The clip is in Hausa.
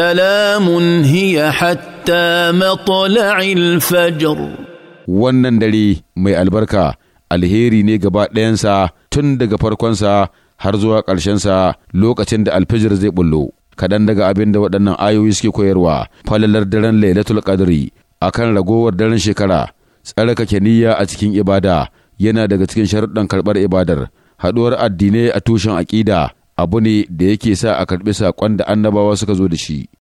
سلام هي حتى مطلع الفجر wannan dare mai albarka alheri ne gaba ɗayansa tun daga farkonsa har zuwa ƙarshen sa lokacin da alfijir zai bullo kaɗan daga abin da waɗannan ayoyi suke koyarwa falalar daren lailatul qadri akan ragowar daren shekara tsarkake niyya a cikin ibada yana daga cikin sharuɗan karɓar ibadar haɗuwar addinai a tushen aƙida abu ne da yake sa a karɓi saƙon da annabawa suka zo da shi.